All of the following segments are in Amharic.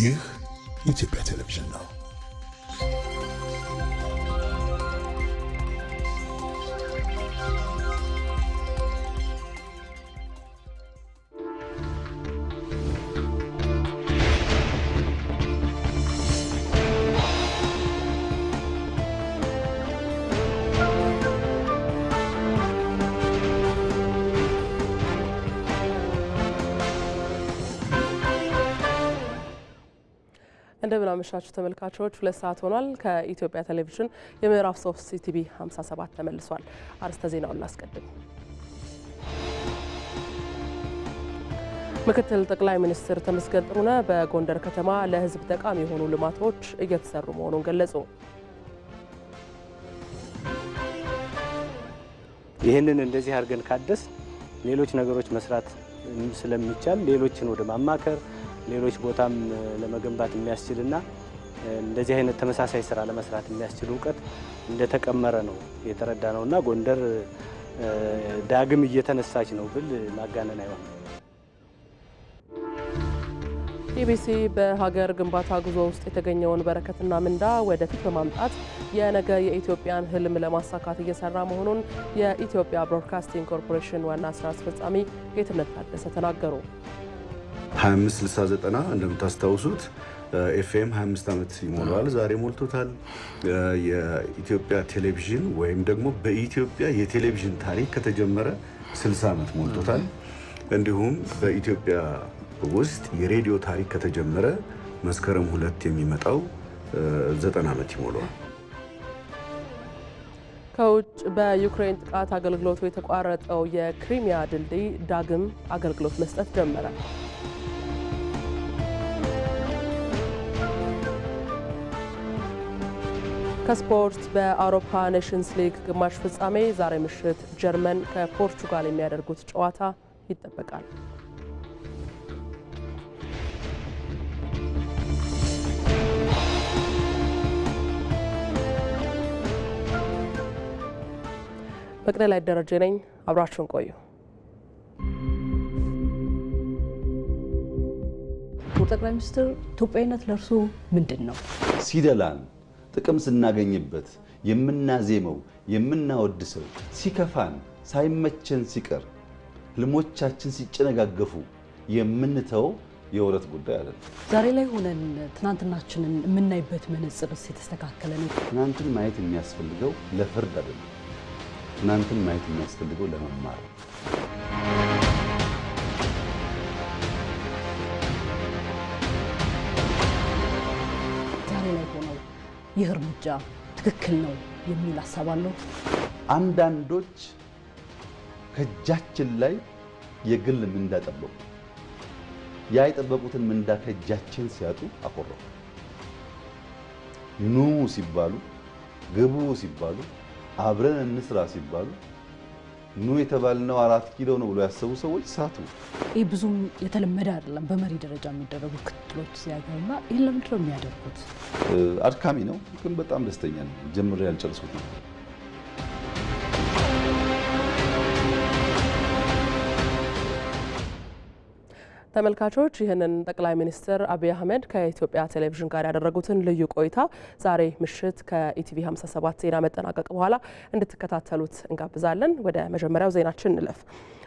ይህ ኢትዮጵያ ቴሌቪዥን ነው። እንደምን አመሻችሁ ተመልካቾች፣ ሁለት ሰዓት ሆኗል። ከኢትዮጵያ ቴሌቪዥን የምዕራብ ሶፍ ሲቲቪ 57 ተመልሷል። አርስተ ዜናውን እናስቀድም። ምክትል ጠቅላይ ሚኒስትር ተመስገን ጥሩነህ በጎንደር ከተማ ለሕዝብ ጠቃሚ የሆኑ ልማቶች እየተሰሩ መሆኑን ገለጹ። ይህንን እንደዚህ አድርገን ካደስ ሌሎች ነገሮች መስራት ስለሚቻል ሌሎችን ወደ ማማከር ሌሎች ቦታም ለመገንባት የሚያስችል እና እንደዚህ አይነት ተመሳሳይ ስራ ለመስራት የሚያስችል እውቀት እንደተቀመረ ነው የተረዳ ነው እና ጎንደር ዳግም እየተነሳች ነው ብል ማጋነን አይሆንም። ኢቢሲ በሀገር ግንባታ ጉዞ ውስጥ የተገኘውን በረከትና ምንዳ ወደፊት በማምጣት የነገ የኢትዮጵያን ሕልም ለማሳካት እየሰራ መሆኑን የኢትዮጵያ ብሮድካስቲንግ ኮርፖሬሽን ዋና ስራ አስፈጻሚ ጌትነት ታደሰ ተናገሩ። 2569 እንደምታስታውሱት ኤፍኤም 25 ዓመት ይሞላል ዛሬ ሞልቶታል። የኢትዮጵያ ቴሌቪዥን ወይም ደግሞ በኢትዮጵያ የቴሌቪዥን ታሪክ ከተጀመረ 60 ዓመት ሞልቶታል። እንዲሁም በኢትዮጵያ ውስጥ የሬዲዮ ታሪክ ከተጀመረ መስከረም ሁለት የሚመጣው 90 ዓመት ይሞላዋል። ከውጭ በዩክሬን ጥቃት አገልግሎቱ የተቋረጠው የክሪሚያ ድልድይ ዳግም አገልግሎት መስጠት ጀመረ። ከስፖርት በአውሮፓ ኔሽንስ ሊግ ግማሽ ፍጻሜ ዛሬ ምሽት ጀርመን ከፖርቹጋል የሚያደርጉት ጨዋታ ይጠበቃል። ላይ ደረጀ ነኝ። አብራችሁን ቆዩ። ጠቅላይ ሚኒስትር ኢትዮጵያዊነት ለእርሱ ምንድን ነው? ሲደላን ጥቅም ስናገኝበት የምናዜመው የምናወድሰው ሲከፋን ሳይመቸን ሲቀር ህልሞቻችን ሲጨነጋገፉ የምንተው የውረት ጉዳይ አለ። ዛሬ ላይ ሆነን ትናንትናችንን የምናይበት መነጽርስ የተስተካከለ ነው? ትናንትን ማየት የሚያስፈልገው ለፍርድ አይደለም። ትናንትን ማየት የሚያስፈልገው ለመማር ይህ እርምጃ ትክክል ነው የሚል ሀሳብ አለው። አንዳንዶች ከእጃችን ላይ የግል ምንዳ ጠበቁ። ያ የጠበቁትን ምንዳ ከእጃችን ሲያጡ አኮረፉ። ኑ ሲባሉ፣ ግቡ ሲባሉ፣ አብረን እንስራ ሲባሉ ኑ የተባልነው አራት ኪሎ ነው ብሎ ያሰቡ ሰዎች ሳቱ። ይህ ብዙም የተለመደ አይደለም። በመሪ ደረጃ የሚደረጉ ክትሎች ሲያገኙና ይህን ለምንድን ነው የሚያደርጉት? አድካሚ ነው፣ ግን በጣም ደስተኛ ነው። ጀምሬ ያልጨርሱት ነው። ተመልካቾች ይህንን ጠቅላይ ሚኒስትር አብይ አህመድ ከኢትዮጵያ ቴሌቪዥን ጋር ያደረጉትን ልዩ ቆይታ ዛሬ ምሽት ከኢቲቪ 57 ዜና መጠናቀቅ በኋላ እንድትከታተሉት እንጋብዛለን። ወደ መጀመሪያው ዜናችን እንለፍ።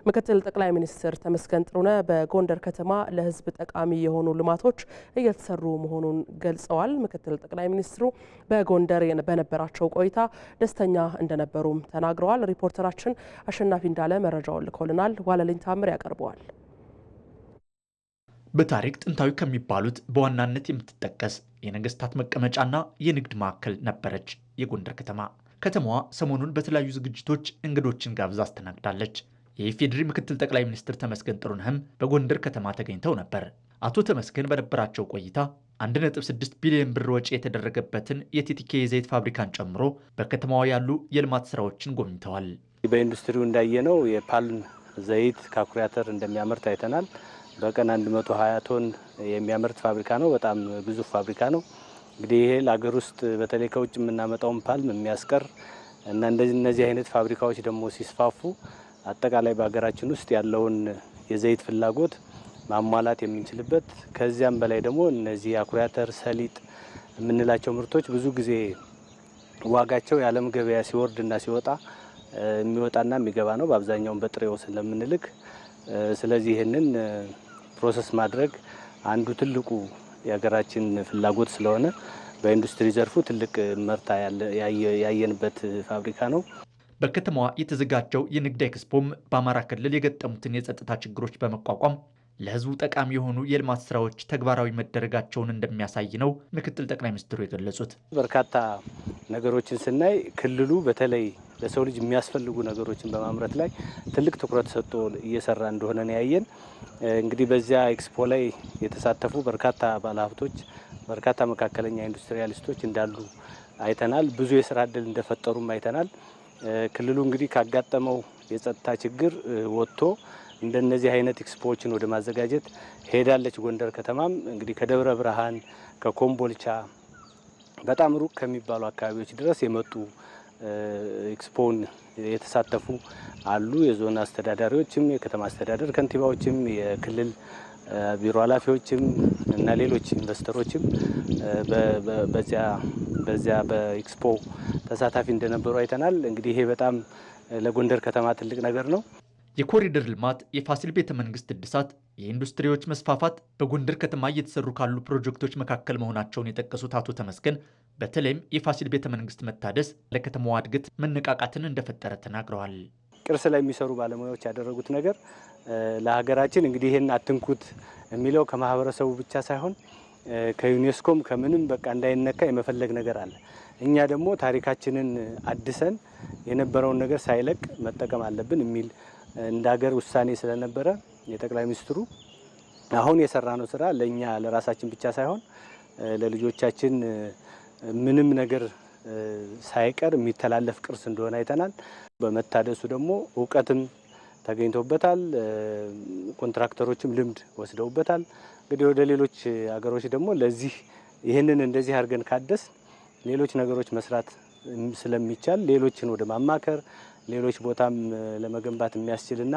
ምክትል ጠቅላይ ሚኒስትር ተመስገን ጥሩነህ በጎንደር ከተማ ለሕዝብ ጠቃሚ የሆኑ ልማቶች እየተሰሩ መሆኑን ገልጸዋል። ምክትል ጠቅላይ ሚኒስትሩ በጎንደር በነበራቸው ቆይታ ደስተኛ እንደነበሩም ተናግረዋል። ሪፖርተራችን አሸናፊ እንዳለ መረጃውን ልኮልናል። ዋለልኝ ታምር ያቀርበዋል። በታሪክ ጥንታዊ ከሚባሉት በዋናነት የምትጠቀስ የነገስታት መቀመጫና የንግድ ማዕከል ነበረች የጎንደር ከተማ። ከተማዋ ሰሞኑን በተለያዩ ዝግጅቶች እንግዶችን ጋብዛ አስተናግዳለች። የኢፌዴሪ ምክትል ጠቅላይ ሚኒስትር ተመስገን ጥሩነህም በጎንደር ከተማ ተገኝተው ነበር። አቶ ተመስገን በነበራቸው ቆይታ 1.6 ቢሊዮን ብር ወጪ የተደረገበትን የቲቲኬ የዘይት ፋብሪካን ጨምሮ በከተማዋ ያሉ የልማት ስራዎችን ጎብኝተዋል። በኢንዱስትሪው እንዳየነው የፓልም ዘይት ከአኩሪ አተር እንደሚያመርት አይተናል። በቀን 120 ቶን የሚያመርት ፋብሪካ ነው። በጣም ግዙፍ ፋብሪካ ነው። እንግዲህ ይሄ ለሀገር ውስጥ በተለይ ከውጭ የምናመጣውን ፓልም የሚያስቀር እና እነዚህ አይነት ፋብሪካዎች ደግሞ ሲስፋፉ አጠቃላይ በሀገራችን ውስጥ ያለውን የዘይት ፍላጎት ማሟላት የምንችልበት ከዚያም በላይ ደግሞ እነዚህ አኩሪ አተር፣ ሰሊጥ የምንላቸው ምርቶች ብዙ ጊዜ ዋጋቸው የዓለም ገበያ ሲወርድና ሲወጣ የሚወጣና የሚገባ ነው። በአብዛኛውን በጥሬው ስለምንልክ ስለዚህ ይህንን ፕሮሰስ ማድረግ አንዱ ትልቁ የሀገራችን ፍላጎት ስለሆነ በኢንዱስትሪ ዘርፉ ትልቅ መርታ ያየንበት ፋብሪካ ነው። በከተማዋ የተዘጋጀው የንግድ ኤክስፖም በአማራ ክልል የገጠሙትን የጸጥታ ችግሮች በመቋቋም ለሕዝቡ ጠቃሚ የሆኑ የልማት ስራዎች ተግባራዊ መደረጋቸውን እንደሚያሳይ ነው ምክትል ጠቅላይ ሚኒስትሩ የገለጹት። በርካታ ነገሮችን ስናይ ክልሉ በተለይ ለሰው ልጅ የሚያስፈልጉ ነገሮችን በማምረት ላይ ትልቅ ትኩረት ሰጥቶ እየሰራ እንደሆነ ነው ያየን። እንግዲህ በዚያ ኤክስፖ ላይ የተሳተፉ በርካታ ባለሀብቶች፣ በርካታ መካከለኛ ኢንዱስትሪያሊስቶች እንዳሉ አይተናል። ብዙ የስራ እድል እንደፈጠሩም አይተናል። ክልሉ እንግዲህ ካጋጠመው የጸጥታ ችግር ወጥቶ እንደነዚህ አይነት ኤክስፖዎችን ወደ ማዘጋጀት ሄዳለች። ጎንደር ከተማም እንግዲህ ከደብረ ብርሃን ከኮምቦልቻ በጣም ሩቅ ከሚባሉ አካባቢዎች ድረስ የመጡ ኤክስፖን የተሳተፉ አሉ። የዞን አስተዳዳሪዎችም፣ የከተማ አስተዳደር ከንቲባዎችም፣ የክልል ቢሮ ኃላፊዎችም እና ሌሎች ኢንቨስተሮችም በዚያ በዚያ በኤክስፖ ተሳታፊ እንደነበሩ አይተናል። እንግዲህ ይሄ በጣም ለጎንደር ከተማ ትልቅ ነገር ነው። የኮሪደር ልማት፣ የፋሲል ቤተ መንግስት እድሳት፣ የኢንዱስትሪዎች መስፋፋት በጎንደር ከተማ እየተሰሩ ካሉ ፕሮጀክቶች መካከል መሆናቸውን የጠቀሱት አቶ ተመስገን በተለይም የፋሲል ቤተ መንግስት መታደስ ለከተማዋ እድገት መነቃቃትን እንደፈጠረ ተናግረዋል። ቅርስ ላይ የሚሰሩ ባለሙያዎች ያደረጉት ነገር ለሀገራችን እንግዲህ ይህን አትንኩት የሚለው ከማህበረሰቡ ብቻ ሳይሆን ከዩኔስኮም ከምንም በቃ እንዳይነካ የመፈለግ ነገር አለ። እኛ ደግሞ ታሪካችንን አድሰን የነበረውን ነገር ሳይለቅ መጠቀም አለብን የሚል እንደ ሀገር ውሳኔ ስለነበረ የጠቅላይ ሚኒስትሩ አሁን የሰራነው ስራ ለእኛ ለራሳችን ብቻ ሳይሆን ለልጆቻችን ምንም ነገር ሳይቀር የሚተላለፍ ቅርስ እንደሆነ አይተናል። በመታደሱ ደግሞ እውቀትም ተገኝቶበታል። ኮንትራክተሮችም ልምድ ወስደውበታል። እንግዲህ ወደ ሌሎች ሀገሮች ደግሞ ለዚህ ይህንን እንደዚህ አድርገን ካደስ ሌሎች ነገሮች መስራት ስለሚቻል ሌሎችን ወደ ማማከር ሌሎች ቦታም ለመገንባት የሚያስችልና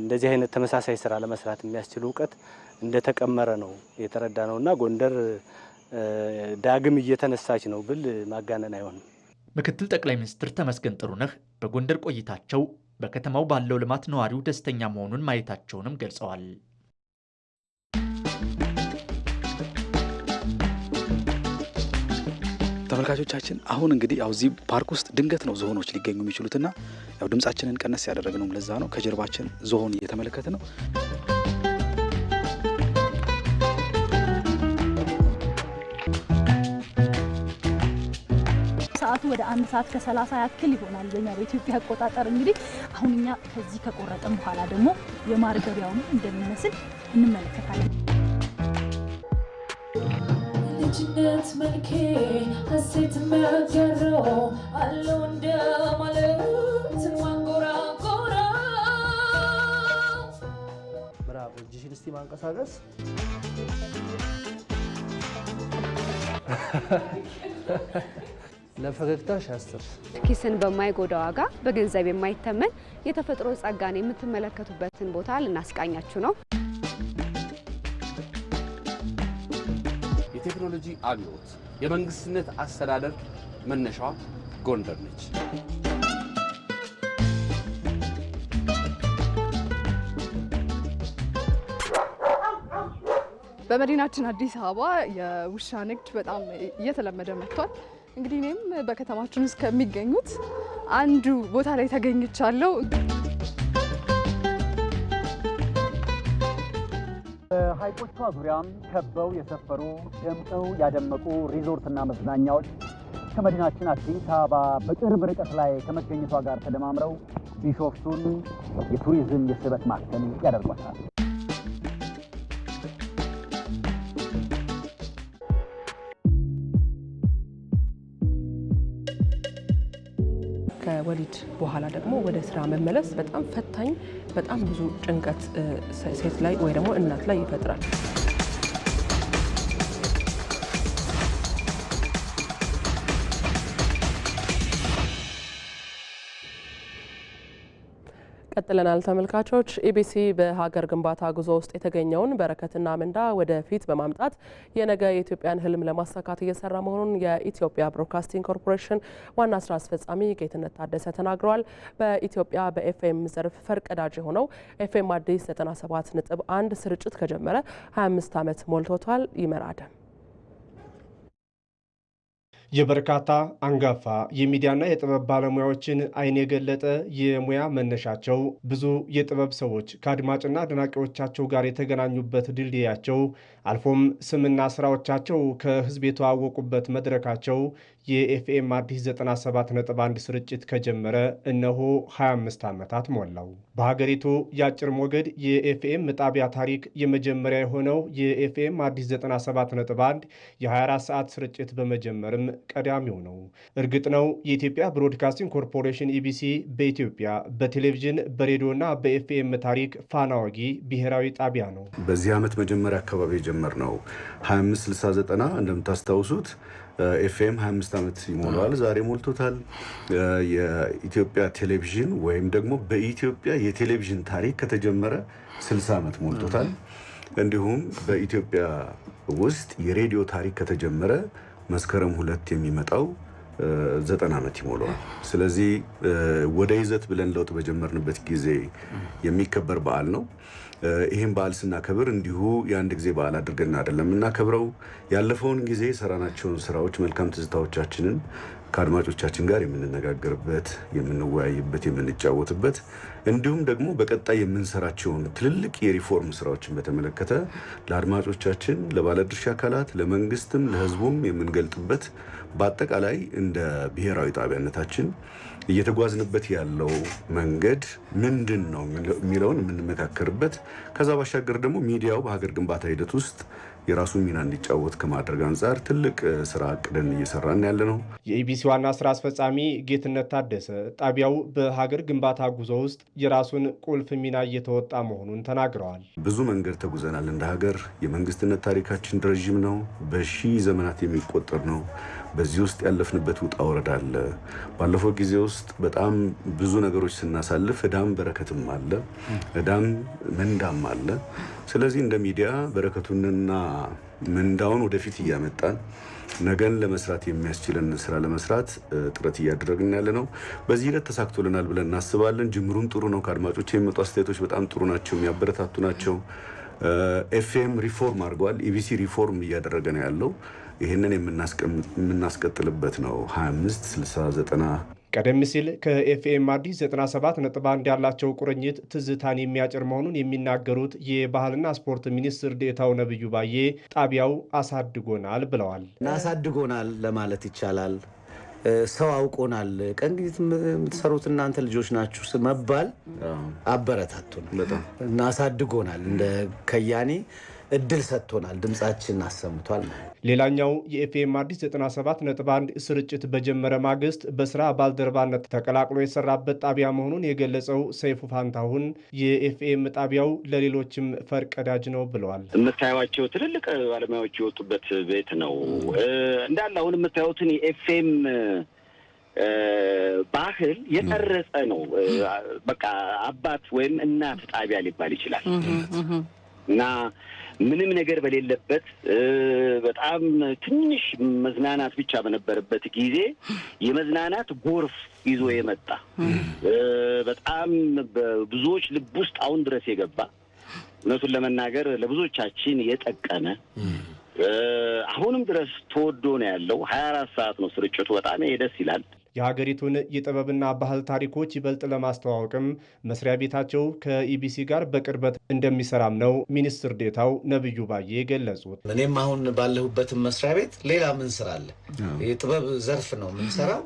እንደዚህ አይነት ተመሳሳይ ስራ ለመስራት የሚያስችል እውቀት እንደተቀመረ ነው የተረዳ እና ጎንደር ዳግም እየተነሳች ነው ብል ማጋነን አይሆንም። ምክትል ጠቅላይ ሚኒስትር ተመስገን ጥሩነህ በጎንደር ቆይታቸው በከተማው ባለው ልማት ነዋሪው ደስተኛ መሆኑን ማየታቸውንም ገልጸዋል። ተመልካቾቻችን አሁን እንግዲህ ያው እዚህ ፓርክ ውስጥ ድንገት ነው ዝሆኖች ሊገኙ የሚችሉትና ያው ድምጻችንን ቀነስ ያደረግነውም ለዛ ነው። ከጀርባችን ዝሆን እየተመለከት ነው። ሰዓቱ ወደ አንድ ሰዓት ከሰላሳ ያክል ይሆናል በኛ በኢትዮጵያ አቆጣጠር። እንግዲህ አሁን እኛ ከዚህ ከቆረጥን በኋላ ደግሞ የማርገቢያውን እንደሚመስል እንመለከታለን። ልጅነት መልኬ ሀሴት መገረው አለው ማንጎራጎራ እጅሽን እስቲ ማንቀሳቀስ Ha ha ha. ለፈገግታሽ አስር ኪስን በማይጎዳ ዋጋ በገንዘብ የማይተመን የተፈጥሮ ጸጋን የምትመለከቱበትን ቦታ ልናስቃኛችሁ ነው። የቴክኖሎጂ አብዮት የመንግስትነት አስተዳደር መነሻዋ ጎንደር ነች። በመዲናችን አዲስ አበባ የውሻ ንግድ በጣም እየተለመደ መጥቷል። እንግዲህ እኔም በከተማችን ውስጥ ከሚገኙት አንዱ ቦታ ላይ ተገኝቻለሁ። በሀይቆቿ ዙሪያም ከበው የሰፈሩ ደምቀው ያደመቁ ሪዞርትና መዝናኛዎች ከመዲናችን አዲስ አበባ በቅርብ ርቀት ላይ ከመገኘቷ ጋር ተደማምረው ቢሾፍቱን የቱሪዝም የስበት ማዕከል ያደርጓታል። ከወሊድ በኋላ ደግሞ ወደ ስራ መመለስ በጣም ፈታኝ፣ በጣም ብዙ ጭንቀት ሴት ላይ ወይ ደግሞ እናት ላይ ይፈጥራል። ቀጥለናል ተመልካቾች። ኢቢሲ በሀገር ግንባታ ጉዞ ውስጥ የተገኘውን በረከትና ምንዳ ወደፊት በማምጣት የነገ የኢትዮጵያን ህልም ለማሳካት እየሰራ መሆኑን የኢትዮጵያ ብሮድካስቲንግ ኮርፖሬሽን ዋና ስራ አስፈጻሚ ጌትነት ታደሰ ተናግረዋል። በኢትዮጵያ በኤፍኤም ዘርፍ ፈርቀዳጅ የሆነው ኤፍኤም አዲስ 97 ነጥብ አንድ ስርጭት ከጀመረ 25 ዓመት ሞልቶታል። ይመራደም የበርካታ አንጋፋ የሚዲያና የጥበብ ባለሙያዎችን አይን የገለጠ የሙያ መነሻቸው ብዙ የጥበብ ሰዎች ከአድማጭና አድናቂዎቻቸው ጋር የተገናኙበት ድልድያቸው አልፎም ስምና ስራዎቻቸው ከህዝብ የተዋወቁበት መድረካቸው የኤፍኤም አዲስ 97.1 ስርጭት ከጀመረ እነሆ 25 ዓመታት ሞላው። በሀገሪቱ የአጭር ሞገድ የኤፍኤም ጣቢያ ታሪክ የመጀመሪያ የሆነው የኤፍኤም አዲስ 97.1 የ24 ሰዓት ስርጭት በመጀመርም ቀዳሚው ነው። እርግጥ ነው የኢትዮጵያ ብሮድካስቲንግ ኮርፖሬሽን ኢቢሲ በኢትዮጵያ በቴሌቪዥን በሬዲዮና በኤፍኤም ታሪክ ፋናዋጊ ብሔራዊ ጣቢያ ነው። በዚህ ዓመት መጀመሪያ አካባቢ ነው። 2569 እንደምታስታውሱት ኤፍኤም 25 ዓመት ይሞላዋል። ዛሬ ሞልቶታል። የኢትዮጵያ ቴሌቪዥን ወይም ደግሞ በኢትዮጵያ የቴሌቪዥን ታሪክ ከተጀመረ 60 ዓመት ሞልቶታል። እንዲሁም በኢትዮጵያ ውስጥ የሬዲዮ ታሪክ ከተጀመረ መስከረም ሁለት የሚመጣው ዘጠና ዓመት ይሞላዋል። ስለዚህ ወደ ይዘት ብለን ለውጥ በጀመርንበት ጊዜ የሚከበር በዓል ነው። ይህን በዓል ስናከብር እንዲሁ የአንድ ጊዜ በዓል አድርገን አይደለም የምናከብረው። ያለፈውን ጊዜ የሰራናቸውን ስራዎች፣ መልካም ትዝታዎቻችንን ከአድማጮቻችን ጋር የምንነጋገርበት፣ የምንወያይበት፣ የምንጫወትበት እንዲሁም ደግሞ በቀጣይ የምንሰራቸውን ትልልቅ የሪፎርም ስራዎችን በተመለከተ ለአድማጮቻችን፣ ለባለድርሻ አካላት፣ ለመንግስትም ለህዝቡም የምንገልጥበት በአጠቃላይ እንደ ብሔራዊ ጣቢያነታችን እየተጓዝንበት ያለው መንገድ ምንድን ነው የሚለውን የምንመካከርበት ከዛ ባሻገር ደግሞ ሚዲያው በሀገር ግንባታ ሂደት ውስጥ የራሱ ሚና እንዲጫወት ከማድረግ አንጻር ትልቅ ስራ አቅደን እየሰራን ያለ ነው። የኢቢሲ ዋና ስራ አስፈጻሚ ጌትነት ታደሰ ጣቢያው በሀገር ግንባታ ጉዞ ውስጥ የራሱን ቁልፍ ሚና እየተወጣ መሆኑን ተናግረዋል። ብዙ መንገድ ተጉዘናል። እንደ ሀገር የመንግስትነት ታሪካችን ረዥም ነው። በሺ ዘመናት የሚቆጠር ነው። በዚህ ውስጥ ያለፍንበት ውጣ ወረድ አለ። ባለፈው ጊዜ ውስጥ በጣም ብዙ ነገሮች ስናሳልፍ እዳም በረከትም አለ፣ እዳም ምንዳም አለ። ስለዚህ እንደ ሚዲያ በረከቱንና ምንዳውን ወደፊት እያመጣን ነገን ለመስራት የሚያስችለን ስራ ለመስራት ጥረት እያደረግን ያለ ነው። በዚህ ሂደት ተሳክቶልናል ብለን እናስባለን። ጅምሩም ጥሩ ነው። ከአድማጮች የሚመጡ አስተያየቶች በጣም ጥሩ ናቸው፣ የሚያበረታቱ ናቸው። ኤፍኤም ሪፎርም አድርገዋል። ኢቢሲ ሪፎርም እያደረገ ነው ያለው ይህንን የምናስቀጥልበት ነው 25 60 90 ቀደም ሲል ከኤፍኤም አዲስ 1 ያላቸው ቁርኝት ትዝታን የሚያጭር መሆኑን የሚናገሩት የባህልና ስፖርት ሚኒስትር ዴታው ነብዩ ባዬ ጣቢያው አሳድጎናል ብለዋል። አሳድጎናል ለማለት ይቻላል። ሰው አውቆናል። ቀን የምትሰሩት እናንተ ልጆች ናችሁ መባል ነው እና አሳድጎናል እንደ ከያኔ እድል ሰጥቶናል። ድምፃችን አሰምቷል። ሌላኛው የኤፍኤም አዲስ 1 ስርጭት በጀመረ ማግስት በስራ ባልደረባነት ተቀላቅሎ የሰራበት ጣቢያ መሆኑን የገለጸው ሰይፉ ፋንታሁን የኤፍኤም ጣቢያው ለሌሎችም ፈርቀዳጅ ነው ብለዋል። የምታዩቸው ትልልቅ ባለሙያዎች የወጡበት ቤት ነው እንዳለ አሁን የምታዩትን የኤፍኤም ባህል የቀረጸ ነው። በቃ አባት ወይም እናት ጣቢያ ሊባል ይችላል እና ምንም ነገር በሌለበት በጣም ትንሽ መዝናናት ብቻ በነበረበት ጊዜ የመዝናናት ጎርፍ ይዞ የመጣ በጣም በብዙዎች ልብ ውስጥ አሁን ድረስ የገባ እውነቱን ለመናገር ለብዙዎቻችን የጠቀመ አሁንም ድረስ ተወዶ ነው ያለው። ሀያ አራት ሰዓት ነው ስርጭቱ። በጣም ይሄ ደስ ይላል። የሀገሪቱን የጥበብና ባህል ታሪኮች ይበልጥ ለማስተዋወቅም መስሪያ ቤታቸው ከኢቢሲ ጋር በቅርበት እንደሚሰራም ነው ሚኒስትር ዴታው ነብዩ ባዬ የገለጹት እኔም አሁን ባለሁበትም መስሪያ ቤት ሌላ ምን ስራ አለ? የጥበብ ዘርፍ ነው የምንሰራው።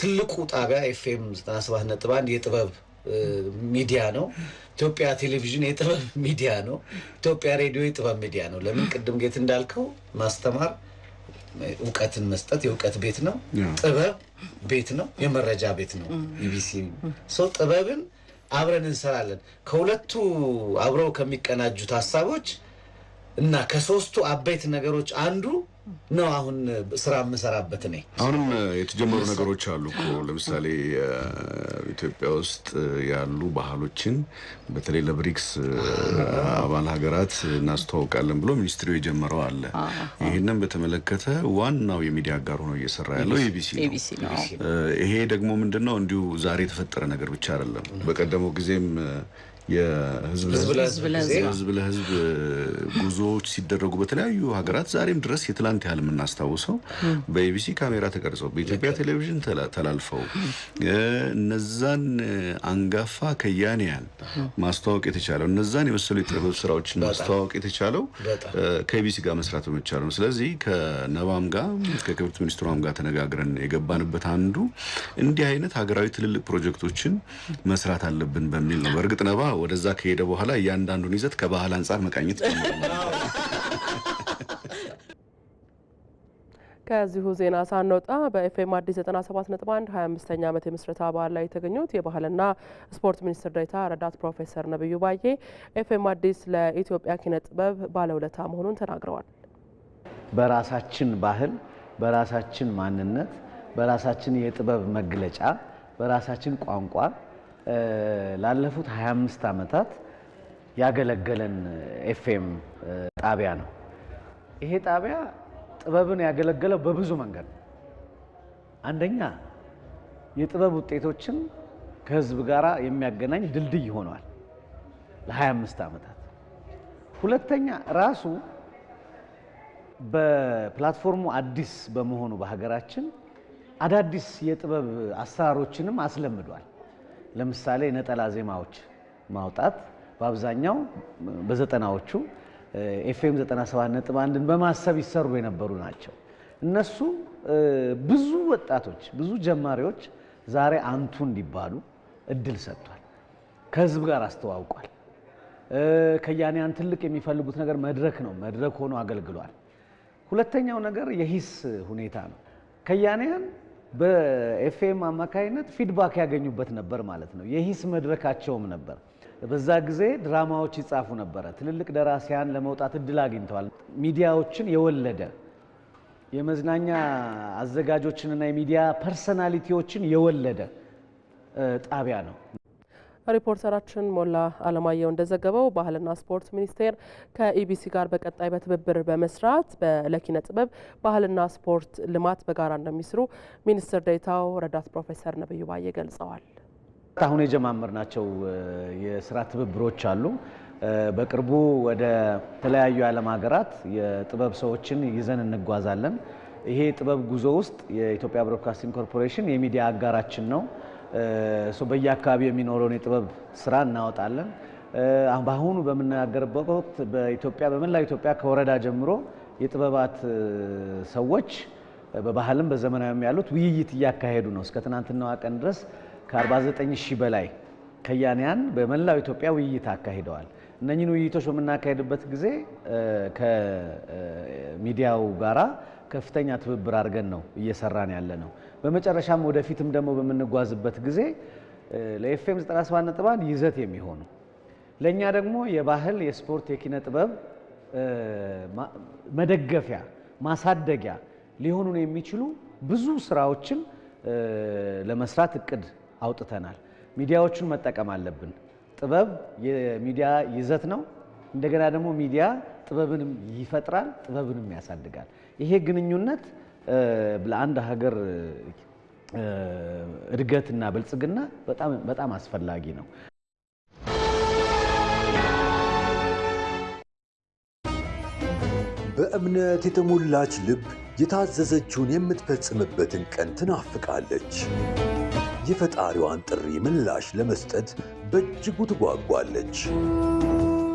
ትልቁ ጣቢያ ኤፍኤም 97.1 የጥበብ ሚዲያ ነው። ኢትዮጵያ ቴሌቪዥን የጥበብ ሚዲያ ነው። ኢትዮጵያ ሬዲዮ የጥበብ ሚዲያ ነው። ለምን ቅድም ጌት እንዳልከው ማስተማር፣ እውቀትን መስጠት የእውቀት ቤት ነው። ጥበብ ቤት ነው፣ የመረጃ ቤት ነው ኢቢሲ ሰው ጥበብን አብረን እንሰራለን። ከሁለቱ አብረው ከሚቀናጁት ሀሳቦች እና ከሶስቱ አበይት ነገሮች አንዱ ነው አሁን ስራ የምሰራበት እኔ። አሁንም uh, የተጀመሩ ነገሮች አሉ እኮ ለምሳሌ uh, ኢትዮጵያ ውስጥ uh, ያሉ ባህሎችን በተለይ ለብሪክስ አባል ሀገራት እናስተዋውቃለን ብሎ ሚኒስትሪው የጀመረው አለ። ይህንን በተመለከተ ዋናው የሚዲያ አጋር ሆኖ እየሰራ ያለው ኤቢሲ ነው። ይሄ ደግሞ ምንድን ነው እንዲሁ ዛሬ የተፈጠረ ነገር ብቻ አይደለም። በቀደመው ጊዜም የህዝብ ለህዝብ ጉዞዎች ሲደረጉ በተለያዩ ሀገራት ዛሬም ድረስ የትላንት ያህል የምናስታውሰው በኢቢሲ ካሜራ ተቀርጸው በኢትዮጵያ ቴሌቪዥን ተላልፈው እነዛን አንጋፋ ከያንያን ማስተዋወቅ የተቻለው እነዛን የመሰሉ የጥበብ ስራዎችን ማስተዋወቅ የተቻለው ከኢቢሲ ጋር መስራት በመቻል ነው። ስለዚህ ከነባም ጋር ከክብርት ሚኒስትሯም ጋር ተነጋግረን የገባንበት አንዱ እንዲህ አይነት ሀገራዊ ትልልቅ ፕሮጀክቶችን መስራት አለብን በሚል ነው። በእርግጥ ነባ ወደዛ ከሄደ በኋላ እያንዳንዱን ይዘት ከባህል አንጻር መቃኘት ከዚሁ ዜና ሳንወጣ በኤፍኤም አዲስ 97.1 25ኛ ዓመት የምስረታ በዓል ላይ የተገኙት የባህልና ስፖርት ሚኒስትር ዴኤታ ረዳት ፕሮፌሰር ነብዩ ባዬ ኤፍኤም አዲስ ለኢትዮጵያ ኪነ ጥበብ ባለውለታ መሆኑን ተናግረዋል። በራሳችን ባህል፣ በራሳችን ማንነት፣ በራሳችን የጥበብ መግለጫ፣ በራሳችን ቋንቋ ላለፉት 25 ዓመታት ያገለገለን ኤፍኤም ጣቢያ ነው። ይሄ ጣቢያ ጥበብን ያገለገለው በብዙ መንገድ ነው። አንደኛ የጥበብ ውጤቶችን ከህዝብ ጋር የሚያገናኝ ድልድይ ሆኗል ለ25 ዓመታት። ሁለተኛ ራሱ በፕላትፎርሙ አዲስ በመሆኑ በሀገራችን አዳዲስ የጥበብ አሰራሮችንም አስለምዷል። ለምሳሌ ነጠላ ዜማዎች ማውጣት በአብዛኛው በዘጠናዎቹ ኤፍኤም 97 ነጥብ አንድን በማሰብ ይሰሩ የነበሩ ናቸው። እነሱ ብዙ ወጣቶች ብዙ ጀማሪዎች ዛሬ አንቱ እንዲባሉ እድል ሰጥቷል። ከህዝብ ጋር አስተዋውቋል። ከያንያን ትልቅ የሚፈልጉት ነገር መድረክ ነው፣ መድረክ ሆኖ አገልግሏል። ሁለተኛው ነገር የሂስ ሁኔታ ነው። ከያንያን በኤፍኤም አማካይነት ፊድባክ ያገኙበት ነበር ማለት ነው። የሂስ መድረካቸውም ነበር። በዛ ጊዜ ድራማዎች ይጻፉ ነበረ። ትልልቅ ደራሲያን ለመውጣት እድል አግኝተዋል። ሚዲያዎችን የወለደ የመዝናኛ አዘጋጆችንና የሚዲያ ፐርሰናሊቲዎችን የወለደ ጣቢያ ነው። ሪፖርተራችን ሞላ አለማየሁ እንደዘገበው ባህልና ስፖርት ሚኒስቴር ከኢቢሲ ጋር በቀጣይ በትብብር በመስራት በለኪነ ጥበብ ባህልና ስፖርት ልማት በጋራ እንደሚስሩ ሚኒስትር ዴታው ረዳት ፕሮፌሰር ነብዩ ባዬ ገልጸዋል። አሁን የጀማመርናቸው የስራ ትብብሮች አሉ። በቅርቡ ወደ ተለያዩ የዓለም ሀገራት የጥበብ ሰዎችን ይዘን እንጓዛለን። ይሄ ጥበብ ጉዞ ውስጥ የኢትዮጵያ ብሮድካስቲንግ ኮርፖሬሽን የሚዲያ አጋራችን ነው። በየአካባቢው የሚኖረውን የጥበብ ስራ እናወጣለን። በአሁኑ በምናገርበት ወቅት በኢትዮጵያ በመላ ኢትዮጵያ ከወረዳ ጀምሮ የጥበባት ሰዎች በባህልም በዘመናዊም ያሉት ውይይት እያካሄዱ ነው። እስከ ትናንትናዋ ቀን ድረስ ከ49 ሺህ በላይ ከያንያን በመላው ኢትዮጵያ ውይይት አካሂደዋል። እነኚህን ውይይቶች በምናካሄድበት ጊዜ ከሚዲያው ጋራ ከፍተኛ ትብብር አድርገን ነው እየሰራን ያለ ነው። በመጨረሻም ወደፊትም ደግሞ በምንጓዝበት ጊዜ ለኤፍኤም 97.1 ይዘት የሚሆኑ ለእኛ ደግሞ የባህል የስፖርት፣ የኪነ ጥበብ መደገፊያ ማሳደጊያ ሊሆኑን የሚችሉ ብዙ ስራዎችን ለመስራት እቅድ አውጥተናል። ሚዲያዎቹን መጠቀም አለብን። ጥበብ የሚዲያ ይዘት ነው። እንደገና ደግሞ ሚዲያ ጥበብንም ይፈጥራል፣ ጥበብንም ያሳድጋል። ይሄ ግንኙነት ለአንድ ሀገር እድገትና ብልጽግና በጣም አስፈላጊ ነው። በእምነት የተሞላች ልብ የታዘዘችውን የምትፈጽምበትን ቀን ትናፍቃለች። የፈጣሪዋን ጥሪ ምላሽ ለመስጠት በእጅጉ ትጓጓለች።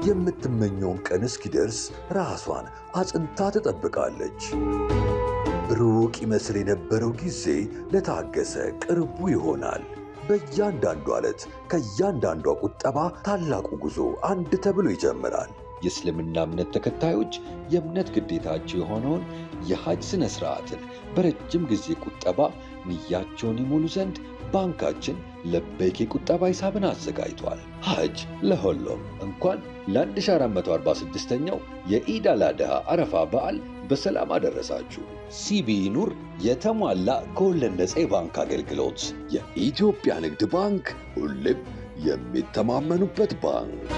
የምትመኘውን ቀን እስኪደርስ ራሷን አጽንታ ትጠብቃለች። ሩቅ ይመስል የነበረው ጊዜ ለታገሰ ቅርቡ ይሆናል። በእያንዳንዱ ዕለት ከእያንዳንዷ ቁጠባ ታላቁ ጉዞ አንድ ተብሎ ይጀምራል። የእስልምና እምነት ተከታዮች የእምነት ግዴታቸው የሆነውን የሐጅ ሥነ ሥርዓትን በረጅም ጊዜ ቁጠባ ንያቸውን ይሞሉ ዘንድ ባንካችን ለበይክ የቁጠባ ሂሳብን አዘጋጅቷል። ሐጅ ለሁሉም እንኳን ለ1446ኛው የኢድ አል አድሃ አረፋ በዓል በሰላም አደረሳችሁ። ሲቢ ኑር የተሟላ ከወለድ ነጻ የባንክ አገልግሎት የኢትዮጵያ ንግድ ባንክ ሁሌም የሚተማመኑበት ባንክ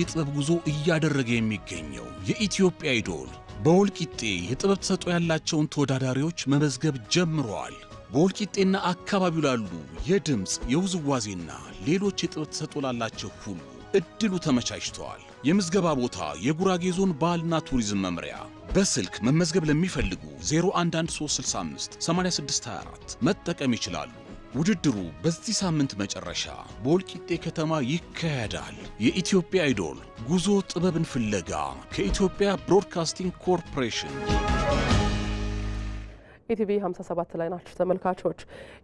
የጥበብ ጉዞ እያደረገ የሚገኘው የኢትዮጵያ አይዶል በወልቂጤ የጥበብ ተሰጥኦ ያላቸውን ተወዳዳሪዎች መመዝገብ ጀምረዋል። በወልቂጤና አካባቢው ላሉ የድምፅ የውዝዋዜና ሌሎች የጥበብ ተሰጥኦ ላላቸው ሁሉ እድሉ ተመቻችተዋል። የምዝገባ ቦታ የጉራጌ ዞን ባህልና ቱሪዝም መምሪያ። በስልክ መመዝገብ ለሚፈልጉ 8624 መጠቀም ይችላሉ። ውድድሩ በዚህ ሳምንት መጨረሻ በወልቂጤ ከተማ ይካሄዳል። የኢትዮጵያ አይዶል ጉዞ ጥበብን ፍለጋ ከኢትዮጵያ ብሮድካስቲንግ ኮርፖሬሽን። ኢቲቪ 57 ላይ ናቸው ተመልካቾች።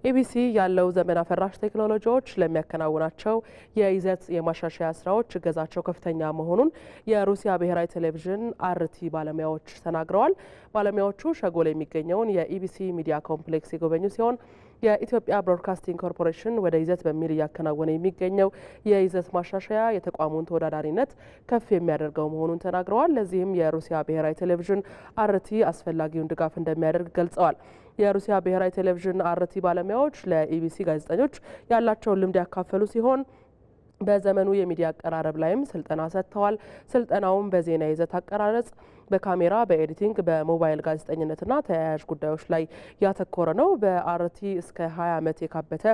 ኢቢሲ ያለው ዘመን አፈራሽ ቴክኖሎጂዎች ለሚያከናውናቸው የይዘት የማሻሻያ ስራዎች እገዛቸው ከፍተኛ መሆኑን የሩሲያ ብሔራዊ ቴሌቪዥን አርቲ ባለሙያዎች ተናግረዋል። ባለሙያዎቹ ሸጎል የሚገኘውን የኢቢሲ ሚዲያ ኮምፕሌክስ የጎበኙ ሲሆን የኢትዮጵያ ብሮድካስቲንግ ኮርፖሬሽን ወደ ይዘት በሚል እያከናወነ የሚገኘው የይዘት ማሻሻያ የተቋሙን ተወዳዳሪነት ከፍ የሚያደርገው መሆኑን ተናግረዋል። ለዚህም የሩሲያ ብሔራዊ ቴሌቪዥን አርቲ አስፈላጊውን ድጋፍ እንደሚያደርግ ገልጸዋል። የሩሲያ ብሔራዊ ቴሌቪዥን አርቲ ባለሙያዎች ለኢቢሲ ጋዜጠኞች ያላቸውን ልምድ ያካፈሉ ሲሆን በዘመኑ የሚዲያ አቀራረብ ላይም ስልጠና ሰጥተዋል። ስልጠናውም በዜና ይዘት አቀራረጽ በካሜራ በኤዲቲንግ በሞባይል ጋዜጠኝነትና ተያያዥ ጉዳዮች ላይ ያተኮረ ነው። በአርቲ እስከ 20 ዓመት የካበተ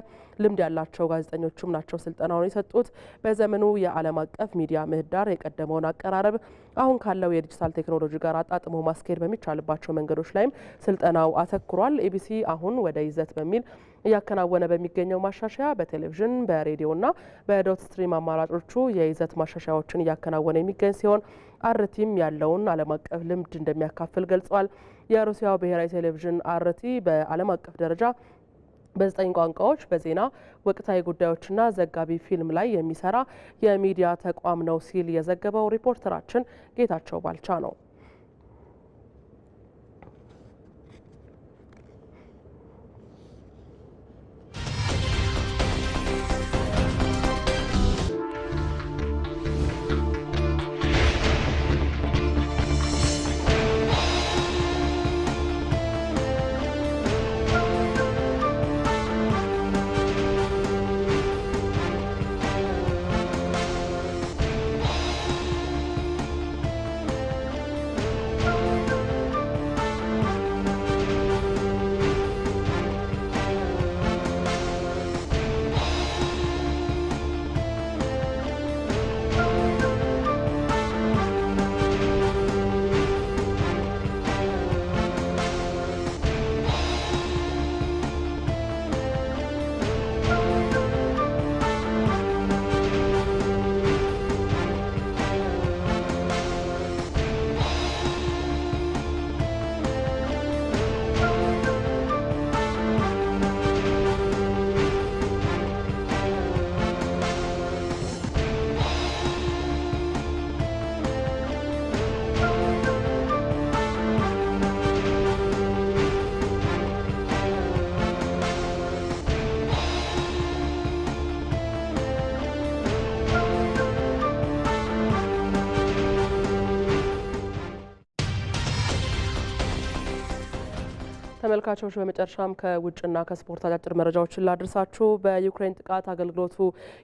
ልምድ ያላቸው ጋዜጠኞቹም ናቸው ስልጠናውን የሰጡት። በዘመኑ የዓለም አቀፍ ሚዲያ ምህዳር የቀደመውን አቀራረብ አሁን ካለው የዲጂታል ቴክኖሎጂ ጋር አጣጥሞ ማስኬድ በሚቻልባቸው መንገዶች ላይም ስልጠናው አተኩሯል። ኤቢሲ አሁን ወደ ይዘት በሚል እያከናወነ በሚገኘው ማሻሻያ በቴሌቪዥን በሬዲዮና በዶት ስትሪም አማራጮቹ የይዘት ማሻሻያዎችን እያከናወነ የሚገኝ ሲሆን አርቲም ያለውን ዓለም አቀፍ ልምድ እንደሚያካፍል ገልጿል። የሩሲያው ብሔራዊ ቴሌቪዥን አርቲ በዓለም አቀፍ ደረጃ በዘጠኝ ቋንቋዎች በዜና ወቅታዊ ጉዳዮችና ዘጋቢ ፊልም ላይ የሚሰራ የሚዲያ ተቋም ነው ሲል የዘገበው ሪፖርተራችን ጌታቸው ባልቻ ነው። ተመልካቾች በመጨረሻም ከውጭና ከስፖርት አጫጭር መረጃዎችን ላድርሳችሁ። በዩክሬን ጥቃት አገልግሎቱ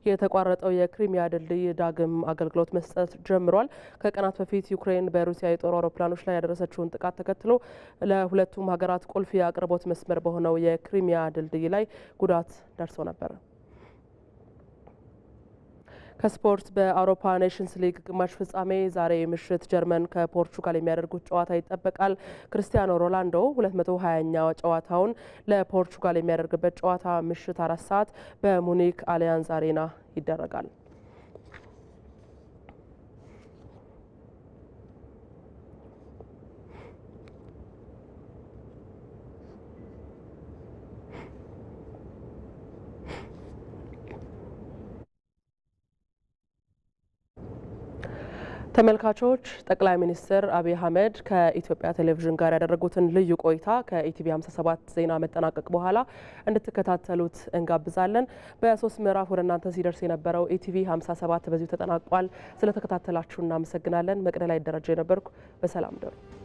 የተቋረጠው የክሪሚያ ድልድይ ዳግም አገልግሎት መስጠት ጀምሯል። ከቀናት በፊት ዩክሬን በሩሲያ የጦር አውሮፕላኖች ላይ ያደረሰችውን ጥቃት ተከትሎ ለሁለቱም ሀገራት ቁልፍ የአቅርቦት መስመር በሆነው የክሪሚያ ድልድይ ላይ ጉዳት ደርሶ ነበር። ከስፖርት በአውሮፓ ኔሽንስ ሊግ ግማሽ ፍጻሜ ዛሬ ምሽት ጀርመን ከፖርቹጋል የሚያደርጉት ጨዋታ ይጠበቃል። ክርስቲያኖ ሮላንዶ 220ኛ ጨዋታውን ለፖርቹጋል የሚያደርግበት ጨዋታ ምሽት አራት ሰዓት በሙኒክ አሊያንዝ አሬና ይደረጋል። ተመልካቾች ጠቅላይ ሚኒስትር አብይ አህመድ ከኢትዮጵያ ቴሌቪዥን ጋር ያደረጉትን ልዩ ቆይታ ከኢቲቪ 57 ዜና መጠናቀቅ በኋላ እንድትከታተሉት እንጋብዛለን። በሶስት ምዕራፍ ወደ እናንተ ሲደርስ የነበረው ኢቲቪ 57 በዚሁ ተጠናቋል። ስለተከታተላችሁ እናመሰግናለን። መቅደላይ ደረጃ የነበርኩ በሰላም ደሩ